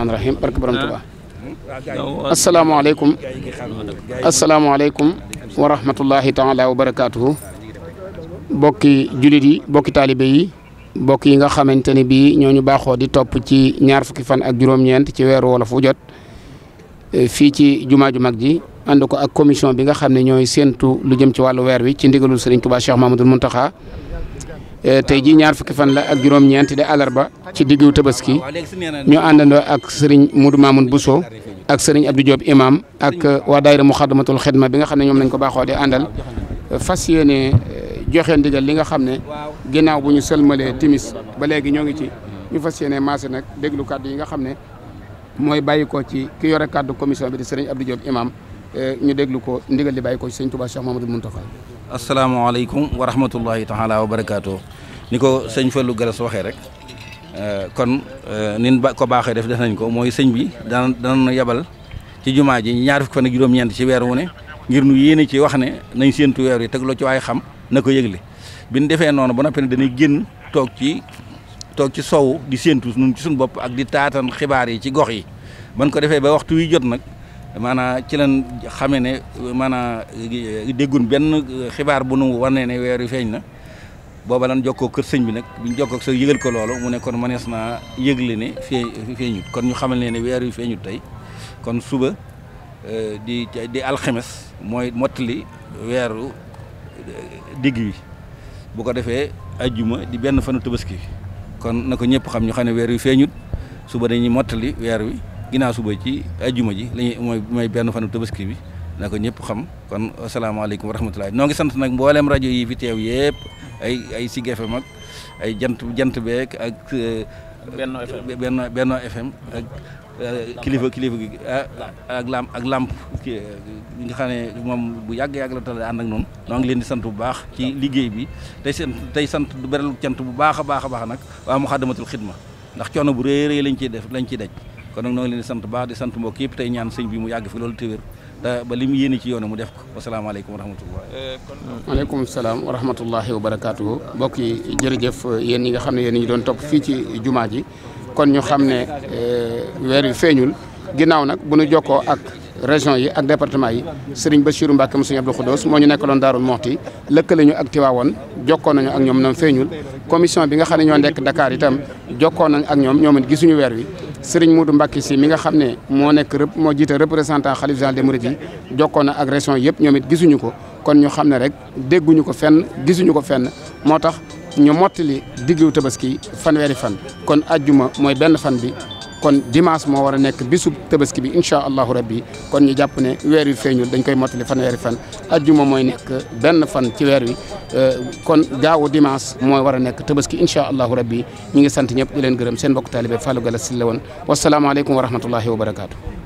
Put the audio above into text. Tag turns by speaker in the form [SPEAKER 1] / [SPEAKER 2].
[SPEAKER 1] rahmaani rahim barke borom ah. Tuubaa asalaamaaleykum asalaamaaleykum wa rahmatullahi taala wa barakaatuhu bokki jullit yi bokki yi bokk yi nga xamante ne bii ñu baaxoo di topp ci ñaar fukki fan ak juróom-ñeent ci weeru wolof wu jot eh, fii ci jumaa ju mag ji ànd ko ak commission bi nga xam ne ñooy séentu lu jëm ci wàllu weer wi ci ndigalul Serigne Touba Cheikh Mamadou Mountakha Eh, tey jii ñaar fukki fan la ak juróom-ñeent di àllarba ci diggu tabaski ñu àndandoo ak sëriñ Modou bu Bousso ak sëriñ Abdou Diop imam ak eh, waa daayira Muxaddamatul Xidma bi nga xam ne ñoom lañ ko baaxoo di àndal fas yéene eh, joxe ndigal li nga xam ne ginnaaw bu ñu sëlmalee timis ba léegi ñoo ngi ci ñu fas yéene maase nag déglu kàddu yi nga xam ne mooy bàyyi ko ci ki yore kàddu commission bi di sëriñ Abdou Diop imam ñu déglu ko ndigal li bàyyi ko ci sëriñ Touba Cheikh Mamadou Mountakha
[SPEAKER 2] asalaamaaleykum wa rahmatullahi taala wa barakaatu ni ko sëñ Fallou Galas waxee rek euh, kon euh, nin ba ko baaxee def def nañ ko mooy sëñ bi daan dana yabal ci jumaa ji ñaar fukk fan juróom-ñeent ci weer wu ne ngir nu yéene ci wax ne nañ séentu weer yi teg loo ci waaye xam na ko yëgle bi ñu defee noonu ba noppi ne dañuy génn toog ci toog ci sow di séentu nun ci suñu bopp ak di taatan xibaar yi ci gox yi ban ko defee ba waxtu wi jot nag maanaam ci lan xamee ne maanaam eh, déggun benn eh, xibaar bu nu nee ne weer wi feeñ na booba lan jokkoo kër sëñ bi nag bi ñu jokkoo ak yëgal ko loolu mu ne kon mënees naa yëgle ne fee feeñut kon ñu xamal ne ne weer wi feeñut tey kon suba eh, di di alxemes mooy mottali weeru digg wi bu ko defee ajjuma di benn fanu tabaski kon na ko ñëpp xam ñu xam ne weer wi feeñut suba dañuy mottali weer wi ginnaaw suba ci ajjuma ji la ñuy mooy mooy benn fanu tabaski bi na ko ñëpp xam kon asalaamaaleykum wa rahmatullahi noo ngi sant nag mbooleem rajo yi fi teew yëpp ay ay Sig FM ak ay jant jant beek ak benn benn FM ak euh, kilifa kilifa gi ah, ak lamp ak euh, nga xam ne moom bu yàgg-yàgg la tala ànd ak noonu noo ngi leen di sant bu baax ci liggéey bi tey sant tey sant beral cant bu baax a baax a baax nag waa Muxaddamatul Xidma ndax coono bu rëy rëy lañ ciy def lañ ci daj kon nag noo ngi leen di sant baax di sant mbokk yëpp tey ñaan sëñ bi mu yàgg fi loolu téwér te ba li mu yéene ci
[SPEAKER 1] yoone mu def ko wasalaamaaleykum wa rahmatullah aleykum salaam wa rahmatullahi wa barakaatuhu mbokk yi jërëjëf yéen ñi nga xam ne yéen ñu doon topp fii ci jumaa ji kon ñu xam ne eh, weer yu feeñul ginnaaw nag bu ñu jokkoo ak région yi ak département yi ba Bassirou Mbacke mu Serigne Abdou Khoudoss moo ñu nekkaloon Daarul Moxti lëkkale ñu ak Tiwaawoon jokkoo nañu ak ñoom ñoom feeñul commission bi nga xam ne ñoo nekk Dakar itam jokkoo nañ ak ñoom ñoom gisuñu weer wi Serigne Modou Mbacké si mi nga xam ne moo nekk rep moo jiite représentant xalif général des mourides yi jokkoon na ak région yëpp ñoom gisuñu ko kon ñu xam ne rek dégguñu ko fenn gisuñu ko fenn moo tax ñu mottili diglu tabaski fanweeri fan kon ajjuma mooy benn fan bi kon dimanche moo war a nekk bisub tabaski bi incha allahu rabbi kon ñu jàpp ne weer wi feeñul dañ koy mottali fanweeri fan ajjuma mooy nekk benn fan ci weer wi euh, kon gaawu dimanche mooy war a nekk tabaski incha allahu rabbi ñu ngi sant ñëpp di leen gërëm seen mbokk taalibe Fallou Galass Syll la woon wasalaamaaleykum wa rahmatullahi wa barakaatu.